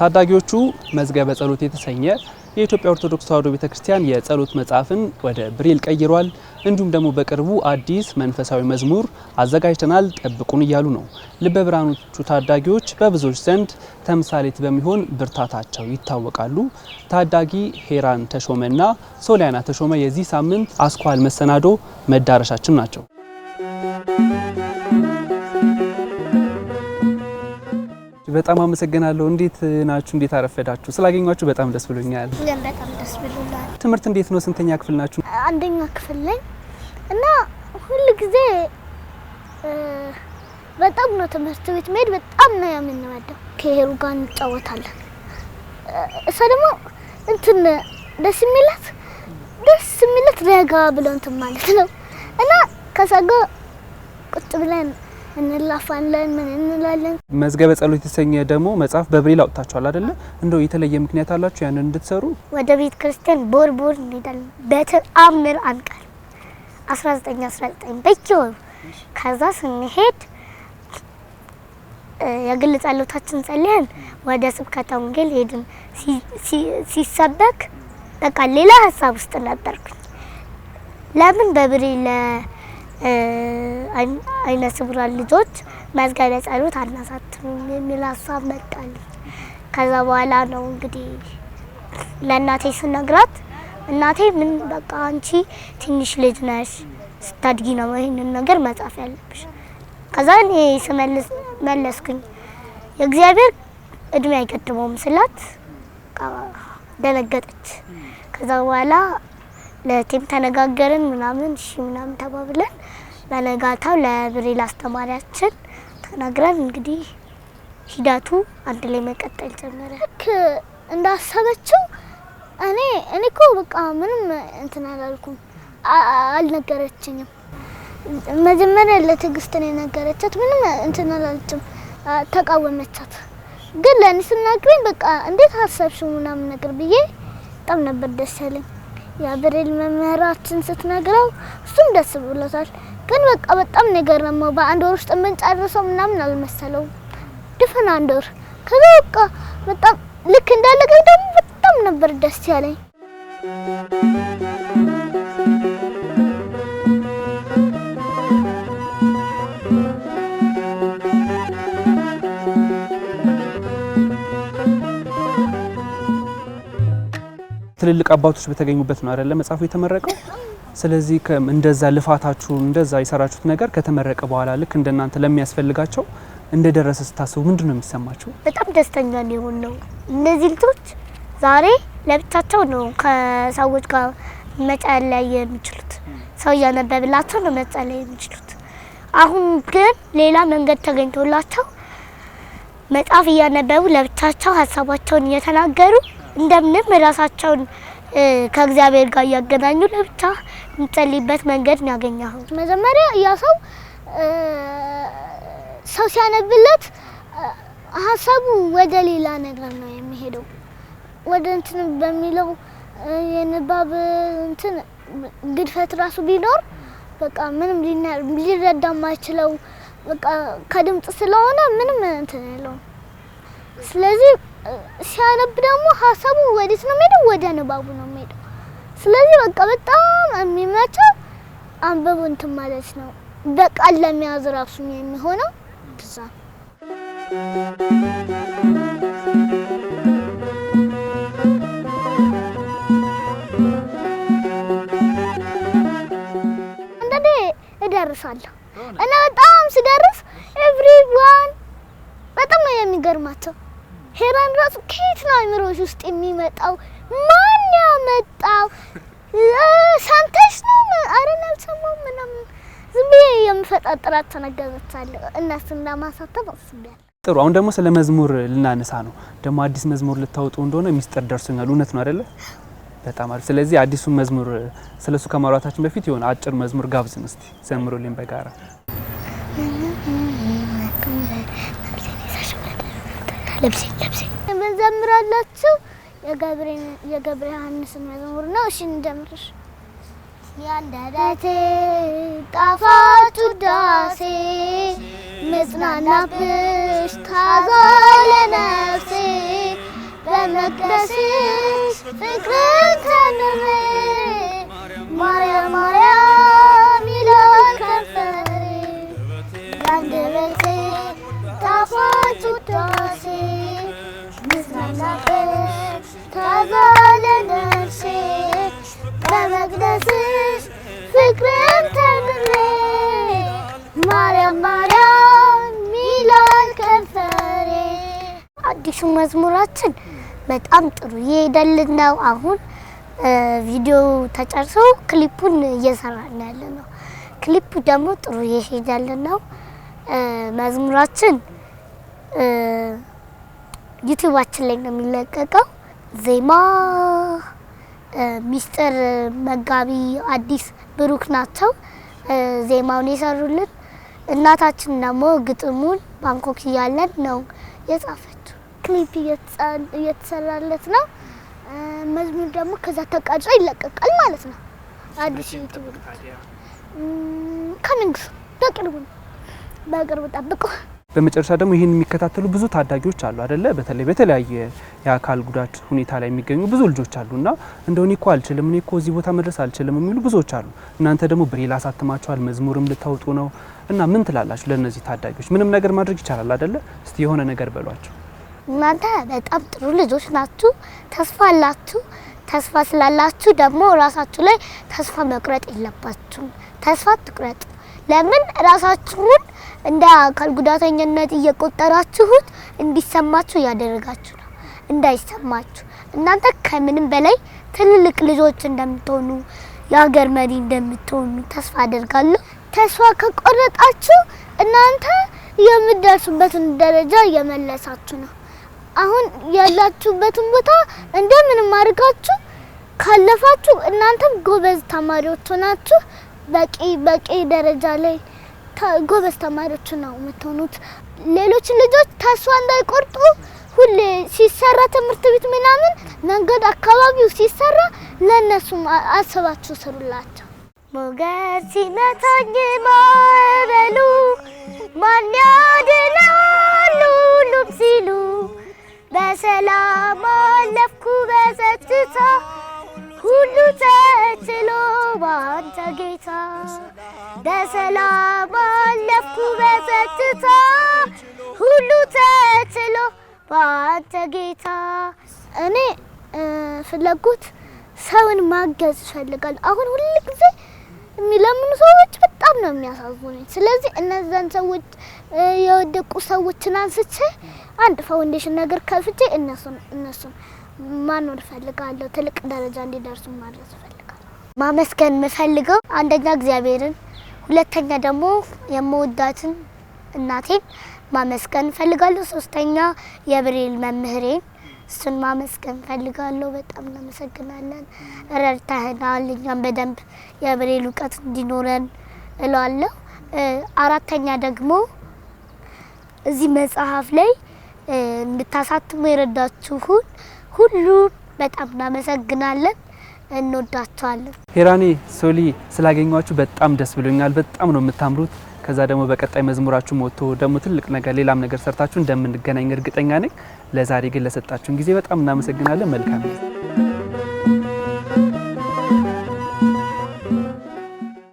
ታዳጊዎቹ መዝገበ ጸሎት የተሰኘ የኢትዮጵያ ኦርቶዶክስ ተዋሕዶ ቤተክርስቲያን የጸሎት መጽሐፍን ወደ ብሬል ቀይሯል። እንዲሁም ደግሞ በቅርቡ አዲስ መንፈሳዊ መዝሙር አዘጋጅተናል ጠብቁን እያሉ ነው። ልበ ብርሃኖቹ ታዳጊዎች በብዙዎች ዘንድ ተምሳሌት በሚሆን ብርታታቸው ይታወቃሉ። ታዳጊ ሄራን ተሾመና ሶሊያና ተሾመ የዚህ ሳምንት አስኳል መሰናዶ መዳረሻችን ናቸው። በጣም አመሰግናለሁ። እንዴት ናችሁ? እንዴት አረፈዳችሁ? ስላገኟችሁ በጣም ደስ ብሎኛል። እኔም በጣም ደስ ብሎኛል። ትምህርት እንዴት ነው? ስንተኛ ክፍል ናችሁ? አንደኛ ክፍል ላይ እና ሁል ጊዜ በጣም ነው ትምህርት ቤት መሄድ በጣም ነው የምንወደው። ከሄሩ ጋር እንጫወታለን። እሷ ደግሞ እንትን ደስ የሚላት ደስ የሚላት ረጋ ብሎ እንትን ማለት ነው እና ከሳጋ ቁጭ ብለን እንላፋለን ምን እንላለን። መዝገበ ጸሎት የተሰኘ ደግሞ መጽሐፍ በብሬል አውጥታችኋል አይደለ? እንደው የተለየ ምክንያት አላችሁ ያንን እንድትሰሩ? ወደ ቤተ ክርስቲያን ቦር ቦር እንሄዳለን። በተአምር አንቀር 19 19 በየወሩ ከዛ ስንሄድ የግል ጸሎታችን ጸልየን ወደ ስብከተ ወንጌል ሄድን። ሲሰበክ በቃ ሌላ ሀሳብ ውስጥ ነበርኩኝ። ለምን አይነ ስውራን ልጆች መዝገበ ጸሎት አናሳትምም የሚል ሀሳብ መጣልኝ። ከዛ በኋላ ነው እንግዲህ ለእናቴ ስነግራት እናቴ ምን በቃ አንቺ ትንሽ ልጅ ነሽ፣ ስታድጊ ነው ይህንን ነገር መጻፍ ያለብሽ። ከዛ እኔ ስመልስ መለስኩኝ የእግዚአብሔር እድሜ አይቀድመውም ስላት ደነገጠች። ከዛ በኋላ ለቴም ተነጋገርን ምናምን እሺ ምናምን ተባብለን በነጋታው ለብሬል አስተማሪያችን ተናግረን እንግዲህ ሂደቱ አንድ ላይ መቀጠል ጀመረ። ልክ እንዳሰበችው እኔ እኔ እኮ በቃ ምንም እንትን አላልኩም፣ አልነገረችኝም። መጀመሪያ ለትዕግስት ነው የነገረቻት። ምንም እንትን አላለችም፣ ተቃወመቻት። ግን ለእኔ ስናግረኝ በቃ እንዴት ሀሳብሽ ምናምን ነገር ብዬ በጣም ነበር ደስ ያለኝ። የብሬል መምህራችን ስትነግረው እሱም ደስ ብሎታል። ግን በቃ በጣም ነገር ነው። በአንድ ወር ውስጥ የምንጨርሰው ምናምን አልመሰለውም። ድፍን አንድ ወር ከዛ በቃ በጣም ልክ እንዳለቀኝ ደግሞ በጣም ነበር ደስ ያለኝ። ትልልቅ አባቶች በተገኙበት ነው አይደለ መጽሐፉ የተመረቀው። ስለዚህ እንደዛ ልፋታችሁ እንደዛ የሰራችሁት ነገር ከተመረቀ በኋላ ልክ እንደናንተ ለሚያስፈልጋቸው እንደደረሰ ስታስቡ ምንድን ነው የሚሰማችሁ? በጣም ደስተኛ ነው የሆን ነው። እነዚህ ልጆች ዛሬ ለብቻቸው ነው ከሰዎች ጋር መጸለይ የሚችሉት። ሰው እያነበብላቸው ነው መጸለይ የሚችሉት። አሁን ግን ሌላ መንገድ ተገኝቶላቸው መጽሐፍ እያነበቡ ለብቻቸው ሀሳባቸውን እየተናገሩ እንደምንም ራሳቸውን ከእግዚአብሔር ጋር እያገናኙ ለብቻ የምጸልይበት መንገድ ነው መጀመሪያ ያ ሰው ሰው ሲያነብለት ሀሳቡ ወደ ሌላ ነገር ነው የሚሄደው። ወደ እንትን በሚለው የንባብ እንትን ግድፈት ራሱ ቢኖር በቃ ምንም ሊረዳ ማይችለው በቃ ከድምጽ ስለሆነ ምንም እንትን የለውም። ስለዚህ ሲያነብ ደግሞ ሀሳቡ ወዴት ነው የሚሄደው? ወደ ንባቡ ነው የሚሄደው። ስለዚህ በቃ በጣም የሚመቸው አንብቡ እንትን ማለት ነው። በቃል ለመያዝ ራሱ የሚሆነው ብዛ አንዳንዴ እደርሳለሁ እና በጣም ስደርስ ኤቭሪዋን በጣም የሚገርማቸው ሄራን ራሱ ከየት ነው አእምሮሽ ውስጥ የሚመጣው? ማን ያመጣው? ሰምተሽ ነው? ኧረ እኔ አልሰማሁም ምናምን ዝም ብዬ የምፈጣጥራት ነገሮች አለ እነሱን ለማሳተፍ አስቤያለሁ። ጥሩ። አሁን ደግሞ ስለ መዝሙር ልናነሳ ነው። ደግሞ አዲስ መዝሙር ልታወጡ እንደሆነ ሚስጥር ደርሶኛል። እውነት ነው አይደለ? በጣም አሪፍ። ስለዚህ አዲሱን መዝሙር ስለሱ ከማውራታችን በፊት የሆነ አጭር መዝሙር ጋብዝን እስቲ ዘምሩልኝ በጋራ ለብሴ ለብሴ መዘምራላችሁ የገብረ ዮሐንስን መዝሙር ነው። እሺ እንደምርሽ ያንደረቴ ጣፋቱ ዳሴ መጽናናብሽ ታዛለ ነፍሴ በመቅደስሽ ፍቅርን ተምሬ ማርያም ማርያም ይላል ከንፈሬ ያንደበት ታዛለ አዲሱ መዝሙራችን በጣም ጥሩ እየሄደልን ነው። አሁን ቪዲዮ ተጨርሶ ክሊፑን እየሰራን ያለ ነው። ክሊፑ ደግሞ ጥሩ እየሄደልን ነው። መዝሙራችን ዩቲዩባችን ላይ ነው የሚለቀቀው። ዜማ ሚስጥር መጋቢ አዲስ ብሩክ ናቸው ዜማውን የሰሩልን። እናታችን ደግሞ ግጥሙን ባንኮክ እያለን ነው የጻፈችው። ክሊፕ እየተሰራለት ነው። መዝሙር ደግሞ ከዛ ተቀርጾ ይለቀቃል ማለት ነው። አዲስ ዩቲዩብ ከመንግስት በቅርቡ በቅርቡ ጠብቁ። በመጨረሻ ደግሞ ይህን የሚከታተሉ ብዙ ታዳጊዎች አሉ አደለ? በተለይ በተለያየ የአካል ጉዳት ሁኔታ ላይ የሚገኙ ብዙ ልጆች አሉ እና እንደሆነ እኮ አልችልም፣ እኔ እኮ እዚህ ቦታ መድረስ አልችልም የሚሉ ብዙዎች አሉ። እናንተ ደግሞ ብሬል አሳትማችኋል፣ መዝሙርም ልታወጡ ነው እና ምን ትላላችሁ ለእነዚህ ታዳጊዎች? ምንም ነገር ማድረግ ይቻላል አደለ? እስቲ የሆነ ነገር በሏቸው። እናንተ በጣም ጥሩ ልጆች ናችሁ፣ ተስፋ አላችሁ። ተስፋ ስላላችሁ ደግሞ ራሳችሁ ላይ ተስፋ መቁረጥ የለባችሁም። ተስፋ ትቁረጥ ለምን ራሳችሁን እንደ አካል ጉዳተኝነት እየቆጠራችሁት እንዲሰማችሁ እያደረጋችሁ ነው። እንዳይሰማችሁ እናንተ ከምንም በላይ ትልልቅ ልጆች እንደምትሆኑ የሀገር መሪ እንደምትሆኑ ተስፋ አደርጋለሁ። ተስፋ ከቆረጣችሁ እናንተ የምትደርሱበትን ደረጃ እየመለሳችሁ ነው። አሁን ያላችሁበትን ቦታ እንደምንም አድርጋችሁ ካለፋችሁ እናንተም ጎበዝ ተማሪዎች ሆናችሁ በቂ በቂ ደረጃ ላይ ጎበዝ ተማሪዎች ነው የምትሆኑት። ሌሎች ልጆች ተስፋ እንዳይቆርጡ ሁሌ ሲሰራ ትምህርት ቤት ምናምን መንገድ አካባቢው ሲሰራ ለእነሱም አስባችሁ ስሩላቸው። ሞገስ ሲመታኝ ማዕበሉ ማን ያድነው? ከጌታ በሰላም አለፍኩ በጸጥታ ሁሉ በአንተ ጌታ። እኔ ፍላጎት ሰውን ማገዝ ይፈልጋል። አሁን ሁል ጊዜ የሚለምኑ ሰዎች በጣም ነው የሚያሳዝኑኝ። ስለዚህ እነዛን ሰዎች የወደቁ ሰዎችን አንስቼ አንድ ፋውንዴሽን ነገር ከፍቼ እነሱን እነሱን ማኖር እፈልጋለሁ። ትልቅ ደረጃ እንዲደርሱ ማድረስ እፈልጋለሁ። ማመስገን የምፈልገው አንደኛ እግዚአብሔርን፣ ሁለተኛ ደግሞ የምወዳትን እናቴን ማመስገን እፈልጋለሁ። ሶስተኛ የብሬል መምህሬን እሱን ማመስገን እንፈልጋለሁ በጣም እናመሰግናለን። ረድተህናል፣ እኛም በደንብ የብሬል እውቀት እንዲኖረን እላለሁ። አራተኛ ደግሞ እዚህ መጽሐፍ ላይ እንድታሳትሙ የረዳችሁን ሁሉ በጣም እናመሰግናለን። እንወዳቸዋለን። ሄራኔ ሶሊ ስላገኟችሁ በጣም ደስ ብሎኛል። በጣም ነው የምታምሩት። ከዛ ደግሞ በቀጣይ መዝሙራችሁ ሞቶ ደግሞ ትልቅ ነገር ሌላም ነገር ሰርታችሁ እንደምንገናኝ እርግጠኛ ነኝ። ለዛሬ ግን ለሰጣችሁን ጊዜ በጣም እናመሰግናለን። መልካም